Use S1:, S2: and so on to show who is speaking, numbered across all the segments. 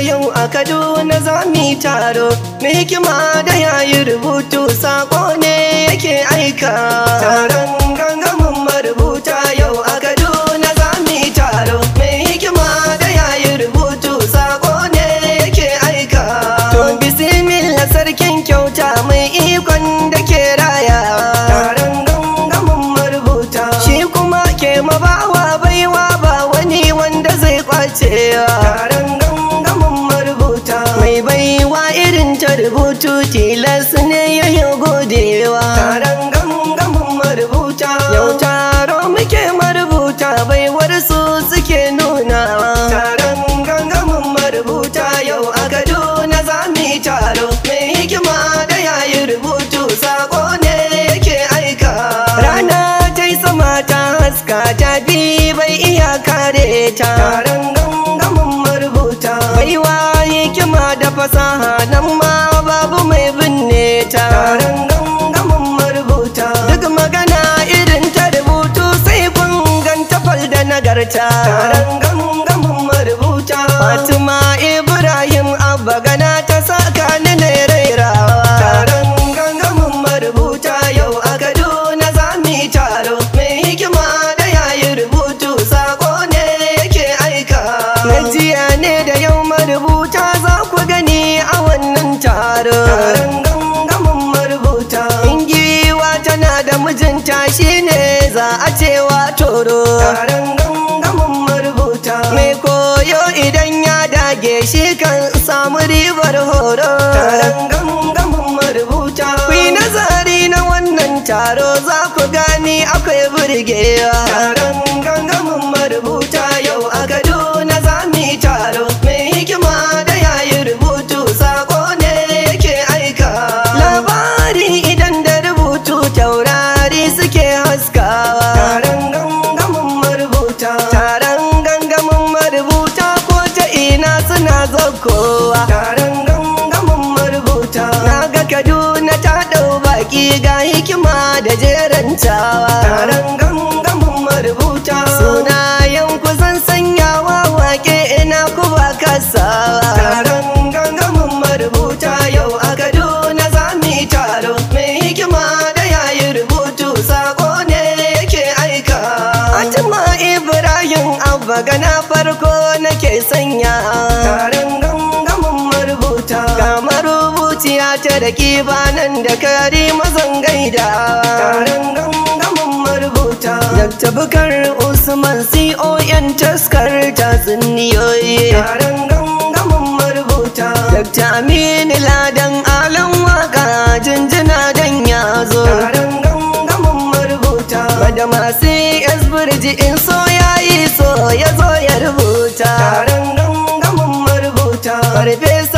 S1: yau a Kaduna za mu taro mai hikima da yayi rubutu sako ne yake aika taron gangamin marubuta yau a Kaduna za mu taro mai hikima da yayi rubutu sako ne yake aika to bismillah sarkin kyauta mai ikon da ke raya taron gangamin marubuta shi kuma ke mabawa baiwa ba wani wanda zai kwace taron marubutu tilas ne ya godewa taron gangamin marubuta yau taro muke marubuta baiwar su suke nunawa taron gangamin marubuta yau a gado na mu yi taro mai hikima da yayi rubutu sako ne yake aika rana ta yi sama ta haska ta bi bai iya kare ta taron gangamin marubuta baiwa hikima da fasaha nan ma babu mai binne ta marubuta duk magana irin ta rubutu sai kun ganta da nagarta taron gangamin marubuta fatima ibrahim abba gana mijinta shi ne za a cewa toro taron gangamin marubuta mai koyo idan ya dage shi kan samu ribar horo taron gangamin marubuta kuyi nazari na wannan taro za ku gani akwai burgewa taron gangamin marubuta daɗi ga hikima da jerantawa taron gangamin marubuta suna yanku zan sanyawa wake ina ku ba kasawa taron gangamin marubuta yau a kaduna za mu yi taro mai hikima da yayi rubutu sako ne yake aika atima ibrahim abba gana farko nake sanya da ba nan da kari mazan gaida taron gangamin marubuta Dr. Bukar Usman CON taskar tatsuniyoyi taron gangamin marubuta Dr. Aminu Ladan Alan waka jinjina dan ya zo taron gangamin marubuta Madama CS birji in so yayi so ya zo ya rubuta taron gangamin marubuta Farfesa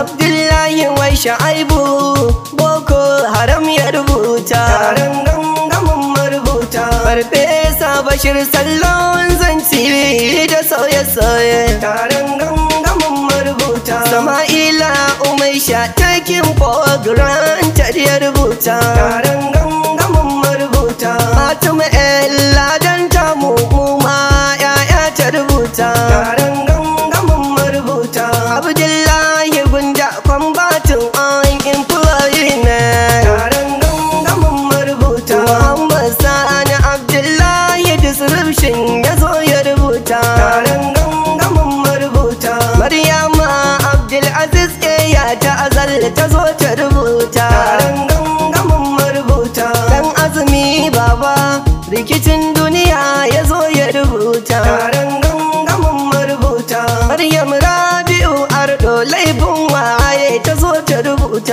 S1: abdullahi wai sha'aibu boko haram ya rubuta taron gangamin marubuta farfesa bashir sallon zanci da sauye-sauye taron gangamin marubuta sama'ila umaisha takin program ta ya rubuta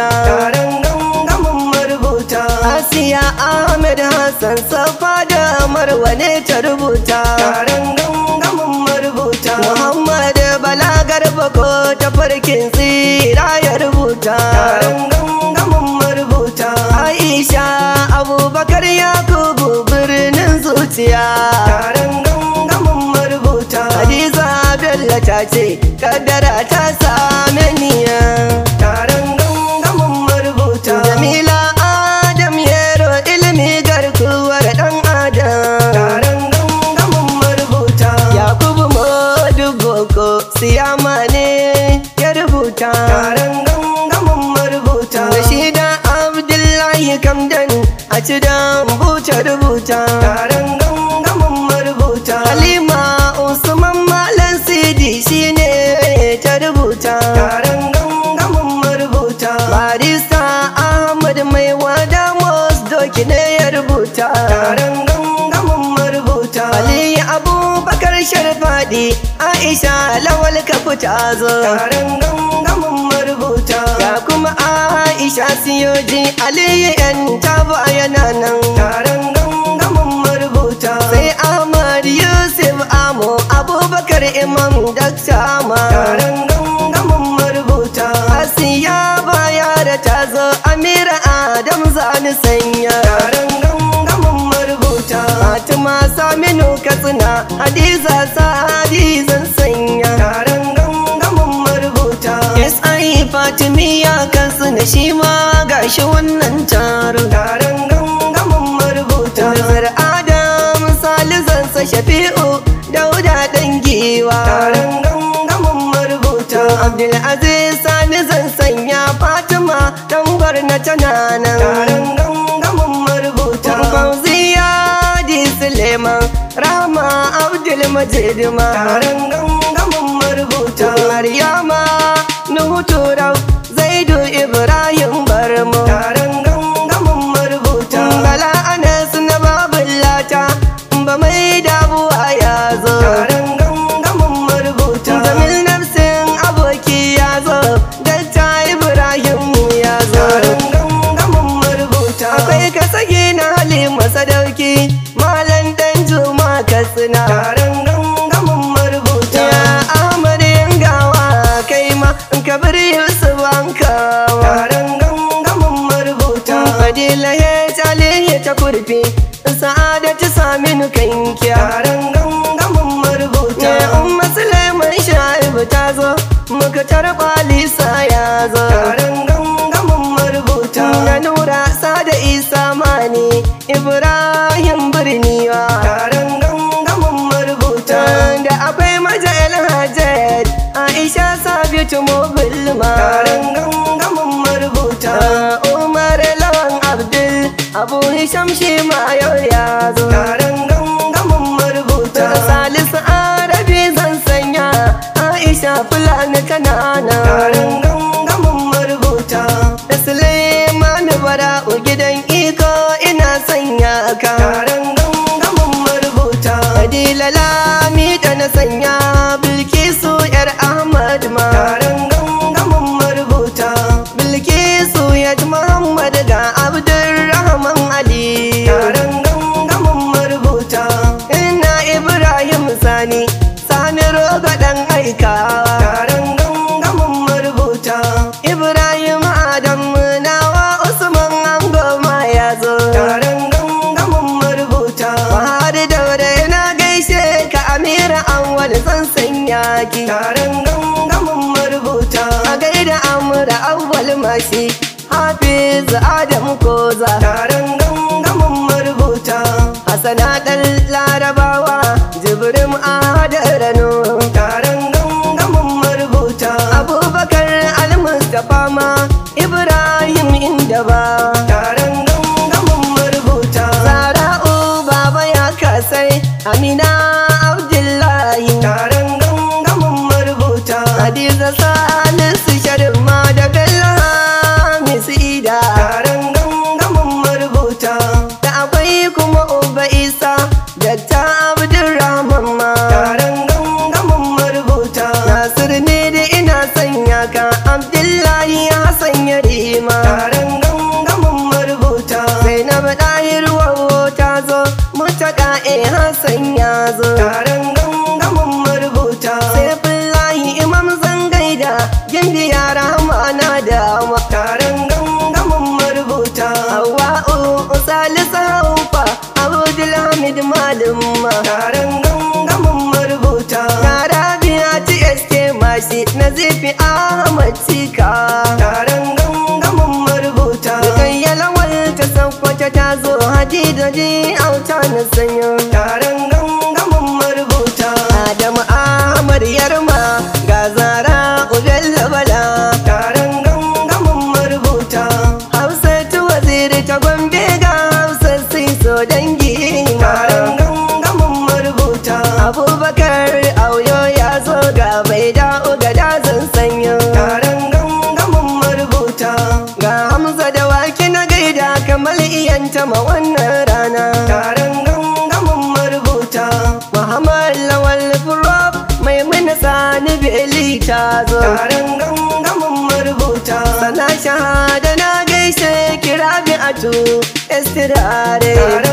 S1: taron gangamin marubuta asiya ahmed hassan safa da marwa ne ta rubuta taron gangamin marubuta muhammad bala garba ko ta farkin tsira ya rubuta taron gangamin marubuta aisha abubakar yakubu birnin zuciya Hadiza Bello ta ce, Kaddara ta sami niya. Tare siyama ne ya rubuta taron gangamin marubuta da shi da abdullahi kamdan a ci da rubuta taron tashar faɗi Aisha lawal ka fita zo Taron gangamin marubuta Ya kuma Aisha siyoji Aliyu yan a yana nan Taron gangamin marubuta Sai Ahmad Yusuf Amo Abubakar Imam Dakta hadiza sahabi zan sanya taron gangamin marubuta yes ai fatimi ya kansu na shi ma gashi wannan taro taron gangamin marubuta nazar adam sali zansa shafi'u dauda dan giwa taron gangamin marubuta abdulaziz sani zan sanya fatima dan gwarna tana nan majedima taron ganga kurfi sa'adatu saminu kankiya taron gangamin marubuta umma suleiman sha'ibu ta zo muka tarba lisa ya zo taron gangamin marubuta na nura sada isa mani ibrahim birniwa taron gangamin marubuta da Akwai majalin hajjad aisha sabitu mobil ma abu hisham shi ma yau ya zo taron gangamin marubuta salisu arabi zan sanya aisha fulani kanana taron awal zan sanya ki taron gangamin marubuta a gaida amura awal masi hafiz adam koza taron gangamin marubuta hasana fi Ahmad Sika taron gangamin marubuta kayyala walta sakwace ta zo haji da ji auta na sanyo tu estirare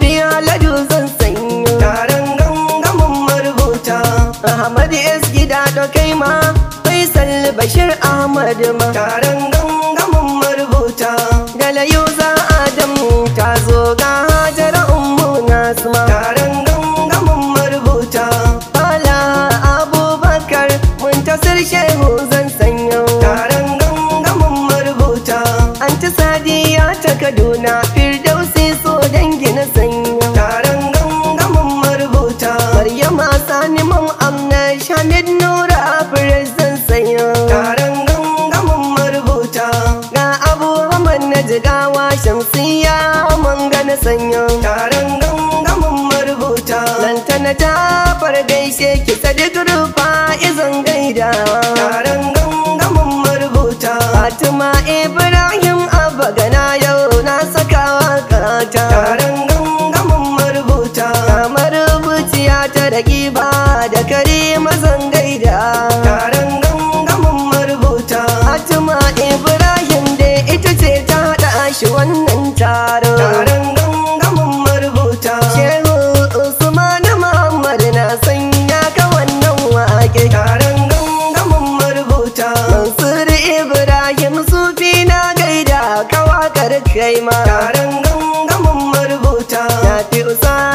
S1: biya laju zan sanyo taron gangamin marubuta ahmad s gida da kai ma faisal bashir ahmad ma taron gangamin marubuta sai ki tsadi turfa izan gaidawa taron gangamin marubuta fatima eh,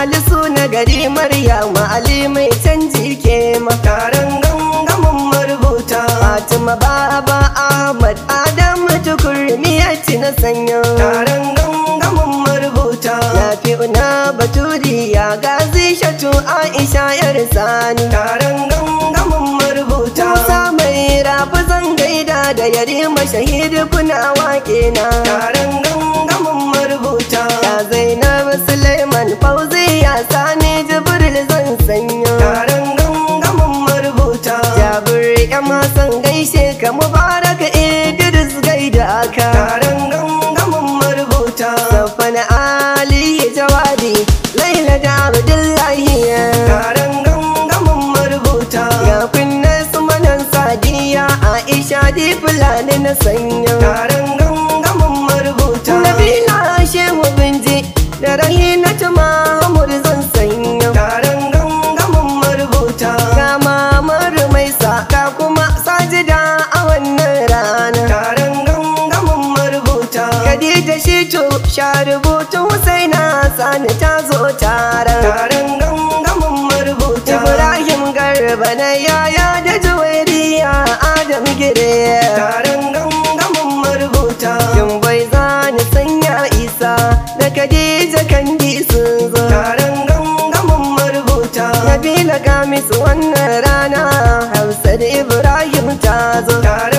S1: Ali suna gari maryama ali mai canji ke makaran gangamin marubuta fatima baba ahmad adamu tukurmi ya ci na sanya taron gangamin marubuta ya fi una baturi ya gazi shatu aisha yar sani taron gangamin marubuta musa mai rafi zan gaida da yari mashahidi kuna waƙe na Karan gangamin marubuta Usman Fauzi ya sani Jibril zan sanya Taron gangamin marubuta Jabir ya masan gaishe ka Mubarak Idris da aka. Taron gangamin marubuta Safan Ali jawabi Laila da Abdullahi Taron gangamin marubuta Ya kunna su manan sadiya Aisha di fulani na sanya bagire taron gangamin marubuta yan bai zani sanya isa da kadija kandi sun zo taron gangamin marubuta nabila su wannan rana hausa da ibrahim ta zo taron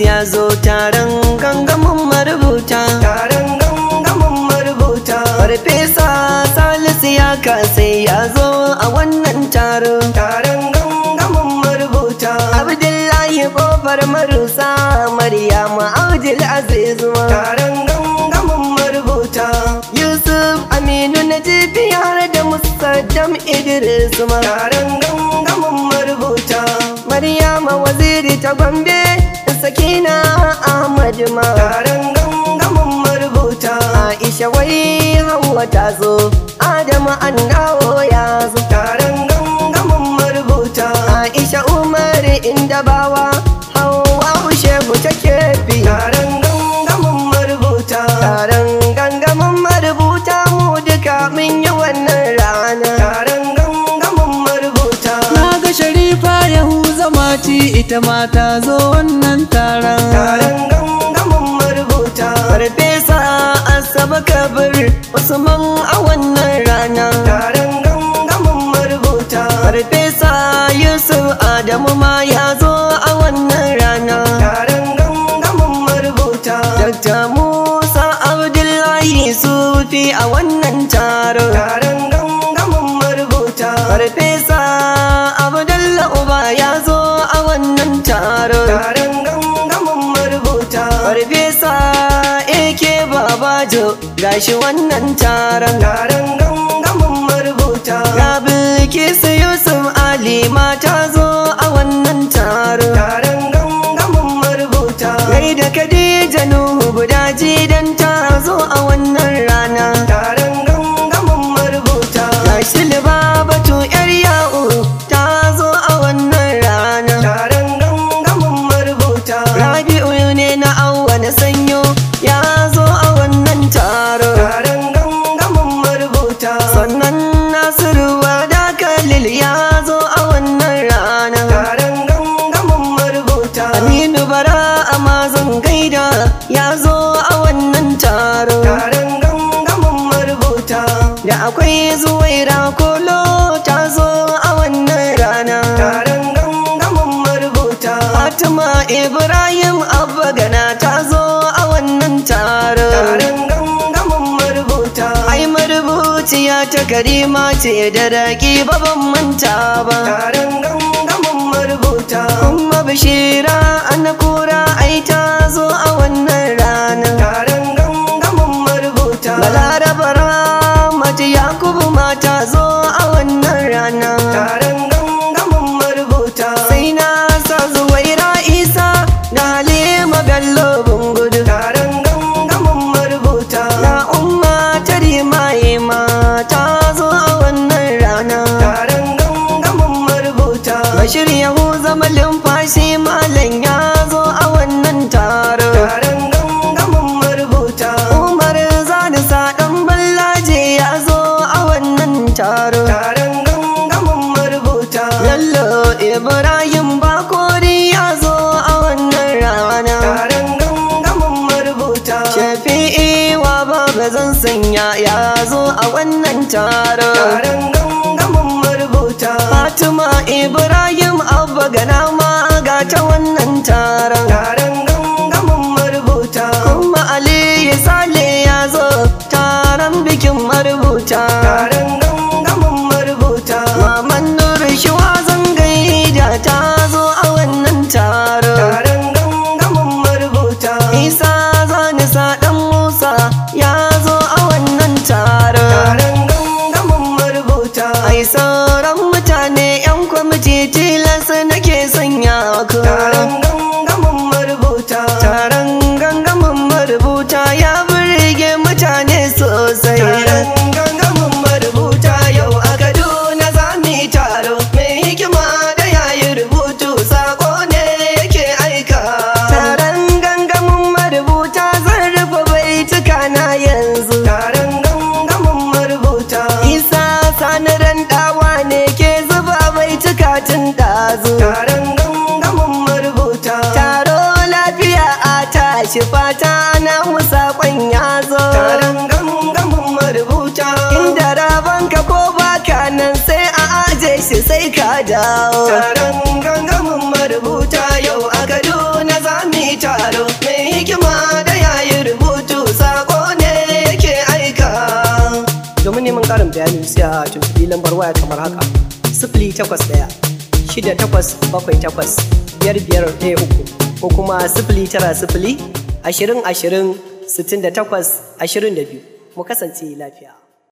S1: ya zo taron gangamin marubuta taron gangamin marubuta farfesa Salisu ya kasa ya zo a wannan taron. taron gangamin marubuta Abdullahi kofar marusa Maryamu Abdul azizu taron gangamin marubuta Yusuf Aminu na jibi da Musaddam Idris ma taron gangamin marubuta Maryama waziri ta Gombe sakina Ahmad ma taron gangamin marubuta Aisha wai Hauwa ta zo Adamu an dawo ya zo taron gangamin marubuta Aisha Umar inda bawa ita ma ta zo wannan taron taron gangamin marubuta farfesa asaba usman a wannan rana taron gangamin marubuta farfesa yusuf adamu ma ya zo a wannan rana taron gangamin marubuta dakta musa abdullahi sufi a wannan taron taron gangamin marubuta farfesa Abdullahi uba ya zo fito gashi wannan taron taron gangamin marubuta ga bilkisu yusuf ali mata zo ta karima ce da raki ba ban manta ba taron gangamin marubuta kuma bishira an kura ai ta zo a wannan rana taron gangamin marubuta balaraba ramatu yakubu ma ta zo a wannan rana na ya zo a wannan taron taron gangamin marubuta fatima ibrahim abba gana ma ga ta wannan taron taron gangamin marubuta kuma aliyu sale ya zo taron bikin marubuta satin dazu taron gangamin marubuta taro lafiya a tashi fata na musa ya zo taron gangamin marubuta inda rabanka ko baka nan sai a aje shi sai ka dawo taron gangamin marubuta yau a gado za mu yi taro mai hikima da yayi rubutu sako ne yake aika domin neman karin bayanin sai a tuntubi lambar waya kamar haka sifili takwas ɗaya shida takwas bakwai takwas biyar biyar ɗaya uku ko kuma sifili tara sifili ashirin ashirin sittin da takwas ashirin da biyu mu kasance lafiya.